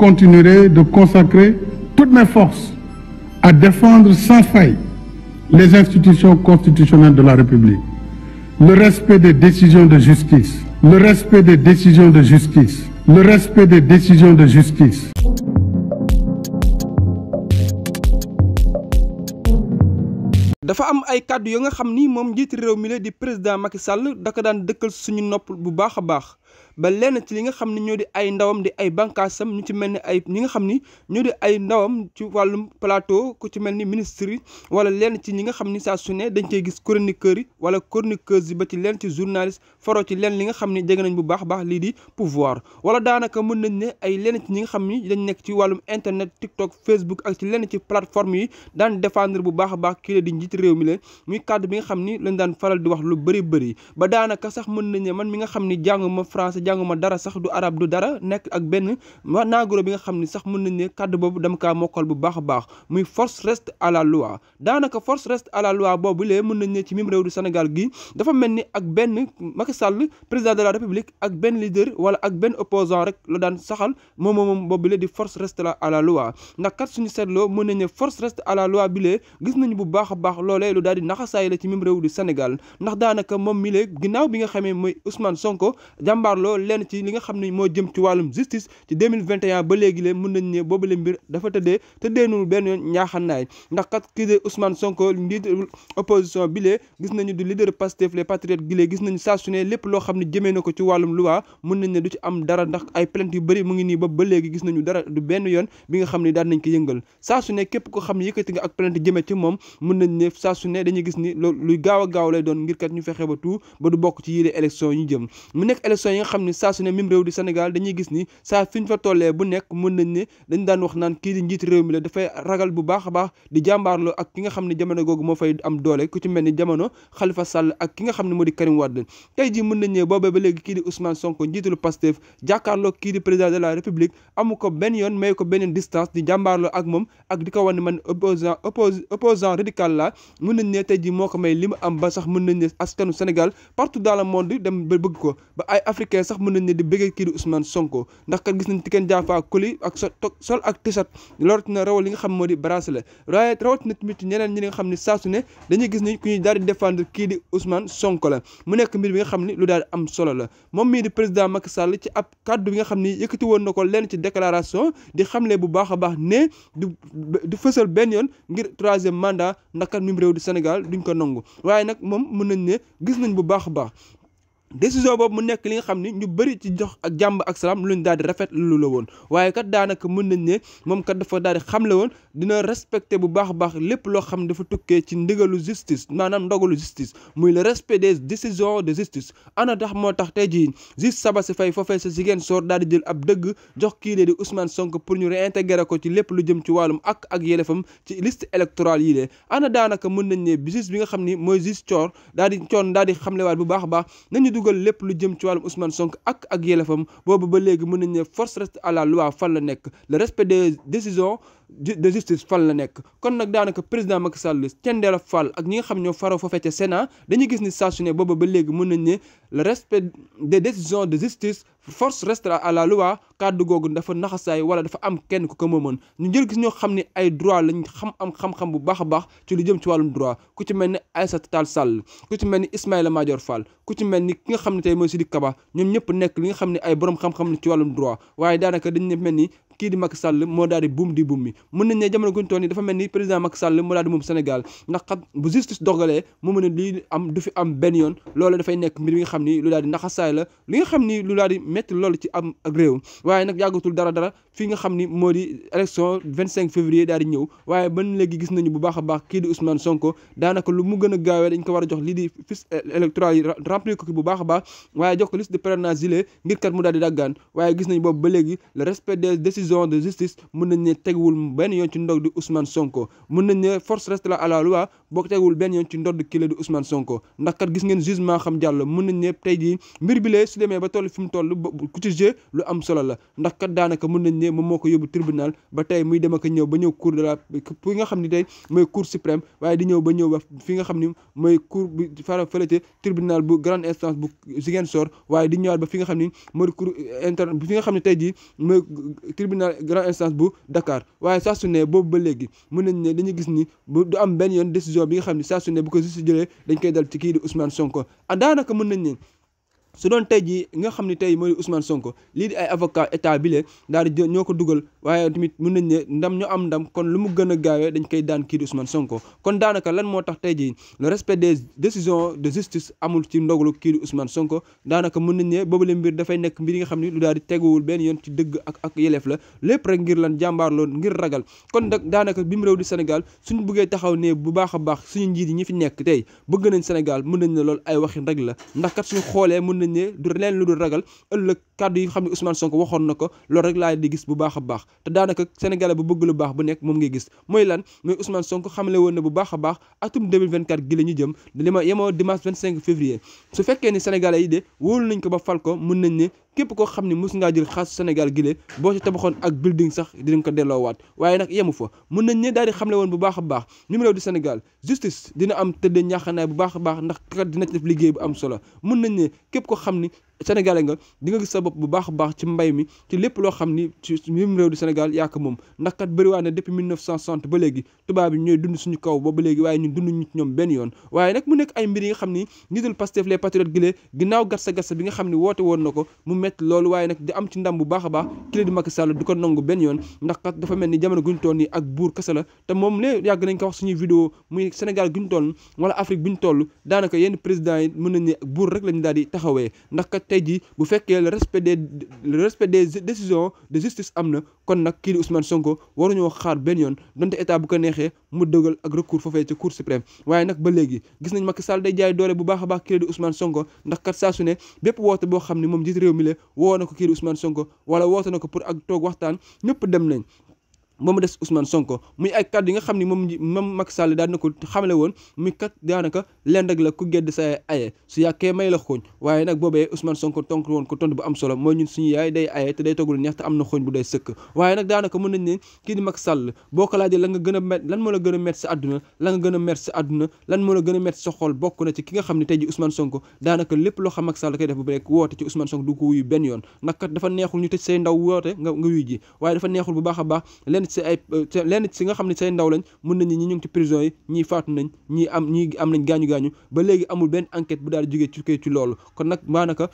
continuerai de consacrer toutes mes forces à défendre sans faille les institutions constitutionnelles de la République, le respect des décisions de justice, le respect des décisions de justice, le respect des décisions de justice. dafa am ay kàddu yoo nga xam ni moom njiiti réew mi la di président Macky Sall da ko daan dëkkal suñu nopp bu baax a baax ba lenn ci li nga xam ne ñoo di ay ndawam di ay bànqaasam ñu ci mel ni ay ñi nga xam ni ñoo di ay ndawam ci wàllum plateau ku ci mel ni ministre yi wala lenn ci ñi nga xam ni sa su ne dañ cey gis chroniqueurs yi wala chroniqueuses yi ba ci lenn ci journaliste faroo ci lenn li nga xam ni jege nañ bu baax baax lii di pouvoir wala daanaka mën nañ ne ay lenn ci ñi nga xam ni dañ nekk ci wàllum internet TikTok Facebook ak ci lenn ci plateforme yi daan défendre bu baax a baax kii la di njiit réew mi leen muy kàddu bi nga xam ni lañ daan faral di wax lu bëri bëri daanaka sax mën nañ man mi nga xam ni jànguma français jànguma dara sax du arab du dara nekk ak xam ne sax mën nañ ne kàddu boobu dama kaa mokkal bu baax a baax muy force reste à la loi daanaka force reste à la loi boobu lee mën nañ ne ci même réew du Sénégal gi dafa mel ni ak benn Macky Sall président de la République ak benn leader wala ak benn opposant rek la daan saxal moom moom boobu lee di force reste à la loi ndax kat suñu seetloo mën nañ ne force reste à la loi bi lee gis nañu bu baax a baax loolee lu daal di naxasaay la ci même réew du Sénégal ndax daanaka moom mi lee ginnaaw bi nga xamee mooy Ousmane Sonko jàmbaarloo loolu lenn ci li nga xam ne moo jëm ci wàllum justice ci 2021 ba léegi leen mën nañ ne boobu la mbir dafa tëddee tëddeenul benn yoon ñaaxannaay ndax kat kii de Ousmane Sonko njiitu opposition bi lee gis nañu du leader Pastef les patriotes gi gis nañu saa su ne lépp loo xam ne jëmee na ko ci wàllum loi mën nañ ne du ci am dara ndax ay plainte yu bëri mu ngi nii ba ba léegi gis nañu dara du benn yoon bi nga xam ne daan nañ ko yëngal saa su ne képp ko xam ne yëkkati nga ak plainte jëmee ci moom mën nañ ne saa su ne dañuy gis ni luy kat ñu fexe ba tout ba du bokk ci yile élection yi jëm mu nekk xam ne saa su ne même réew di Sénégal dañuy gis ni saa fi ñu fa tollee bu nekk mën nañ ne dañ daan wax naan kii di njiit réew mi la dafay ragal bu baax a baax di jàmbaarloo ak ki nga xam ne jamono googu moo fay am doole ku ci mel ni jamono Khalifa Sall ak ki nga xam ne moo di Karim Wade tey jii mën nañ ne boobee ba léegi kii di Ousmane Sonko njiitalu Pastef jàkkaarloo kii di président de la République amu ko benn yoon may ko benn distance di jàmbaarloo ak moom ak di ko wan ne man opposant opposant radical la mën nañ ne tey jii moo ko may li mu am ba sax mën nañ ne askanu Sénégal partout dans le ko sax mën nañ ne di bëggee kii di Ousmane Sonko ndax kat gis nañ Tiken Jah Fakoly ak so sol ak tisat lorat na rawal li nga xam moo di bracelet waaye rawat na tamit ñeneen ñi nga xam ne saa su ne dañuy gis ni ku ñuy daal di défendre kii di usman Sonko la mu nekk mbir bi nga xam ne lu daal di am solo la moom mii di président Macky Sall ci ab kàddu bi nga xam ne yëkkati woon na ko lenn ci déclaration di xamle bu baax a baax ne du du fësal benn yoon ngir troisième mandat ndax kat réew di Sénégal duñ ko nangu waaye nag moom mën nañ ne gis nañ bu baax a baax décision boobu mu nekk li nga xam ni ñu bëri ci jox ak jàmm ak salaam luñ daal di rafet lu la woon waaye kat daanaka mën nañ ne moom kat dafa daal di xam la woon dina respecté bu baax a baax lépp loo xam dafa tukkee ci ndigalu justice maanaam ndogalu justice muy le respect des décisions de justice ana tax moo tax tey jii juge Sabassy Faye foofee sa Ziguinchor daal di jël ab dëgg jox kii lee di Ousmane Sonko pour ñu réintégrer ko ci lépp lu jëm ci wàllum ak ak yelefam ci liste électorale yi lee daanaka mën nañ ne justice bi nga xam ni mooy juge Thior di coon daal di xamlewaat bu baax a baax dugal lépp lu jëm ci wàllum Ousmane Sonko ak ak yelefam boobu ba léegi mën nañ ne force reste à la loi fan la nekk le respect des décisions de justice Fall la nekk kon nag daanaka président Macky Sall Thiendella Fall ak ñi nga xam ñoo faroo foofee ca Sénat dañu gis ni saa su ne booba ba léegi mën nañ ne le respect des décisions de justice force restera à la kàddu googu dafa naxasaay wala dafa am kenn ku ko moomoon ñu jël gis ñoo xam ne ay droit lañ xam am xam-xam bu baax a baax ci lu jëm ci wàllum droit ku ci mel ni Aïssata Tall Sall ku ci mel ni Ismaïla Madior Fall ku ci mel ni ki nga xam ne tey mooy Sidiki Kaba ñoom ñëpp nekk li nga xam ne ay borom xam-xam ci wàllum droit waaye daanaka dañ mel ni kii di Macky Sall moo daal di buum di buum mi mën nañ ne jamono guñ toll dafa mel ni président Macky Sall moo daal di Sénégal ndax kat bu justice dogalee mu mën a lii am du fi am benn yoon loolu dafay nekk mbir mi nga xam ni lu daal di naxasaay la li nga xam ni lu daal di métti loolu ci am ak réew waaye nag yàggatul dara dara fi nga xam ni moo di élection 25 février daal di ñëw waaye ba léegi gis nañu bu baax a baax kii di Ousmane Sonko daanaka lu mu gën a gaawee dañ ko war a jox lii di fiche électorale a baax waaye jox ko liste de parrainage ngir kat mu daal di décision de justice mën nañ ne teguwul benn yoon ci ndog di Ousmane Sonko mën nañ ne force reste à boo teguwul benn yoon ci ndodd kii la di Ousmane Sonko ndax kat gis ngeen jugement xam jàll mën nañ ne tey jii mbir bi lee su ba toll fi mu toll ku lu am solo la ndax kat daanaka mën nañ ne moom moo ko yóbbu tribunal ba tey muy dem ak ñëw ba ñëw cour de fi nga xam ni tey mooy cour suprême waaye di ñëw ba ñëw bi bu grande instance bu Ziguinchor waaye di ñëwaat ba fi nga xam ni mooy cour interne tribunal grande instance bu Dakar waaye saa su ne boobu ba léegi mën nañ ne dañu gis ni bu du am benn yoon décision bi nga xam ne saa su bu ko justice jëlee dañ koy dal ci kii di Ousmane Sonko ah, daanaka mën nañ ne su doon tey jii nga xam ne tey mooy Ousmane Sonko lii di ay avocat état bi lee daal ñoo ko dugal waaye tamit mun nañ ne ndam ñu am ndam kon lu mu gën a gaawee dañ koy daan kii di Ousmane Sonko kon daanaka lan moo tax tey jii le respect des décisions de justice amul ci ndogalu kii di Ousmane Sonko daanaka mën nañ ne boobule mbir dafay nekk mbir yi nga xam ne lu daal di teguwul benn yoon ci dëgg ak ak yelef la lépp rek ngir lan jàmbaarloo ngir ragal kon nag daanaka bi mu réew di Sénégal suñu bëggee taxaw ne bu baax a baax suñu njiit yi ñi fi nekk tey bëgg nañ Sénégal mën nañ ne loolu ay waxin rek la nañ ne du leen lu dul ragal ëllëg kàddu yi xam ne Ousmane sonk waxoon na ko loolu rek laa di gis bu baax a baax te daanaka sénégalais bu bëgg lu baax bu nekk moom ngay gis mooy lan mooy Ousmane Sonko xamle woon na bu baax a baax atum 2024 gi la ñu jëm li ma yemoo dimanche 25 février su fekkee ni sénégalais yi de wóolu nañ ko ba fal ko mun nañ ne képp koo xam ne mos ngaa jël xaas Sénégal gi lee boo ci tabaxoon ak building sax dinañ ko delloowaat waaye nag yemu fa mun nañ ne daal di xamle woon bu baax a baax numéro di Sénégal justice dina am tëddee ñaaxanaay bu baax a baax ndax kat dina ci def liggéey bu am solo mun nañ ne képp ko xam ni sénégalais nga di nga gis sa bopp bu baax baax ci mbay mi ci lépp loo xam ni ci mim réew di Sénégal yaa ko moom ndax kat bëriwaa na depuis 1960 ba léegi tubaab yi ñooy dund suñu kaw ba ba léegi waaye ñun dunduñu ci ñoom benn yoon waaye nag mu nekk ay mbir yi nga xam ni nidul Pastef les patriotes gilee ginnaaw gatsa gatsa bi nga xam ne woote woon na ko mu metti loolu waaye nag di am ci ndam bu baax a baax kii di Macky Sall du ko nangu benn yoon ndax kat dafa mel ni ak buur kese la te moom lee nañ ko wax suñuy vidéo muy Sénégal guñ toll wala Afrique buñ toll daanaka yenn président yi mën nañ ne buur rek lañu daal di taxawee ndax tey jii bu fekkee le respect des le respect des décisions de justice am na kon nag kii di Ousmane Sonko waruñoo xaar benn yoon donte état bu ko neexee mu dëgal ak recours foofee ci cour suprême waaye nag ba léegi gis nañ Macky saal day jaay doole bu baax a baax kii di Ousmane Sonko ndax kat saa su ne bépp woote boo xam ne moom jiit réew mi la woo na ko kii di Ousmane Sonko wala woote na ko pour ak toog waxtaan ñëpp dem nañ moom mu des Ousmane Sonko ne moom moom Macky Sall daan na ko xamle woon muy kat daanaka lenn rek la ku gedd sa aye su yàkkee woon ko tontu bu am solo mooy ñun suñu yaay day aye te day toggul neex am na xooñ bu day sëkk waaye nag daanaka mën nañ ne kii di Macky boo ko laajee lan nga gën a met lan moo la met sa àdduna lan nga gën a lan moo a met sa xol bokk na ci ki nga xam ne tey ji Ousmane Sonko daanaka lépp loo xam Macky Sall koy def bu rek woote ci Ousmane du ko wuyu benn yoon nag kat dafa neexul ñu tëj say ndaw woote nga nga ji waaye dafa neexul bu baax a baax lenn si ay lenn si nga xam ne say ndaw lañ mun nañu ñi ñu ngi ci prison yi ñii faatu nañ ñii am ñii am nañ gaañu gaañu ba léegi amul benn enquête bu daal di jógee ci koy ci loolu kon nag maanaka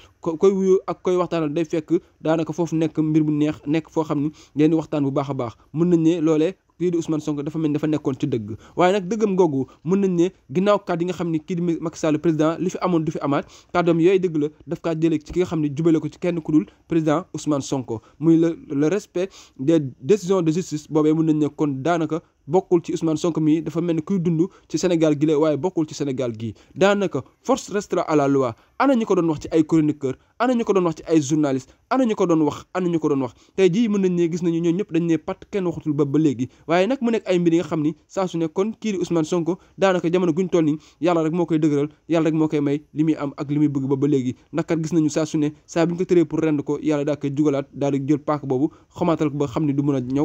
koy wuyu ak koy waxtaanal day fekk daanaka foofu nekk mbir bu neex nekk foo xam ne leen waxtaan bu baax a baax mun nañ ne loole kii di Ousmane Sonko dafa mel dafa nekkoon ci dëgg waaye nag dëggam googu mun nañ ne ginnaaw kàddu yi nga xam ni kii di Macky Sall président li fi amoon du fi amaat kàddoom yooyu dëgg la daf kaa jëlee ci ki nga xam ne jubale ko ci kenn ku dul président Ousmane Sonko muy la le respect des décisions de justice boobee mun nañ ne kon daanaka bokkul ci Ousmane Sonko mii dafa mel ni kuy dund ci Sénégal gi la waaye bokkul ci Sénégal gii daanaka force restera à ana ñu ko doon wax ci ay chroniqueur ana ñu ko doon wax ci ay journaliste ana ñu ko doon wax ana ñu ko doon wax tey jii mën nañ ne gis nañu ñoom ñëpp dañ ne pat kenn waxatul ba ba léegi waaye nag mu nekk ay mbir yi nga xam ni saa su ne kon kii di Sonko daanaka jamono guñ toll ni yàlla rek moo koy dëgëral yàlla rek moo koy may li muy am nañu saa su ne saa bu ñu ko tëree pour rend koy jugalaat daal di jël paak boobu xamaatal ko a ñëw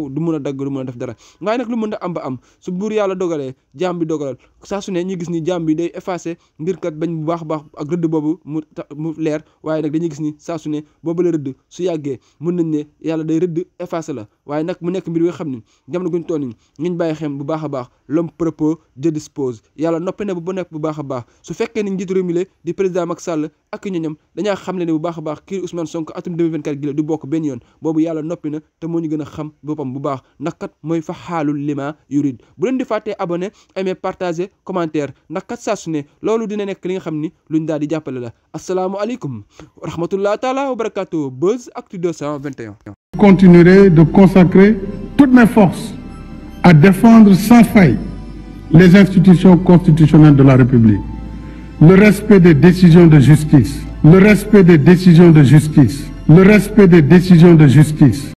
du mën a dagg a def dara waaye nag am ba am su buur yàlla dogalee jaam bi dogalal saa su ne ñu gis ni jaam bi day effacé ngir bañ bu baax a baax ak rëdd boobu mu mu leer waaye nag dañuy gis ni saa su ne boobu la rëdd su yàggee mun nañ ne yàlla day rëdd effacé la waaye nag mu nekk mbir yoo xam ne jamono guñ toll nii ñu bàyyi xem bu baax a baax l'homme propos Dieu dispose yàlla noppi na bu ba bu baax a baax su fekkee ni njiitu réew mi la di président Macky Sall ak ñoñam dañaa xam ne ne bu baax a baax kii Ousmane Sonko atum 2024 gi la yoon boobu yàlla noppi na te moo ñu gën a xam boppam bu yurid bu leen di fàttee abonné aimé partager commentaire ndax kat saa su ne loolu dina nekk li nga xam ni luñ daal di jàppale la asalaamualeykum wa rahmatullah taala wa barakatuh Buzz Actu 221. continuerai de consacrer toutes mes forces à défendre sans faille les institutions constitutionnelles de la République le respect des décisions de justice le respect des décisions de justice le respect des décisions de justice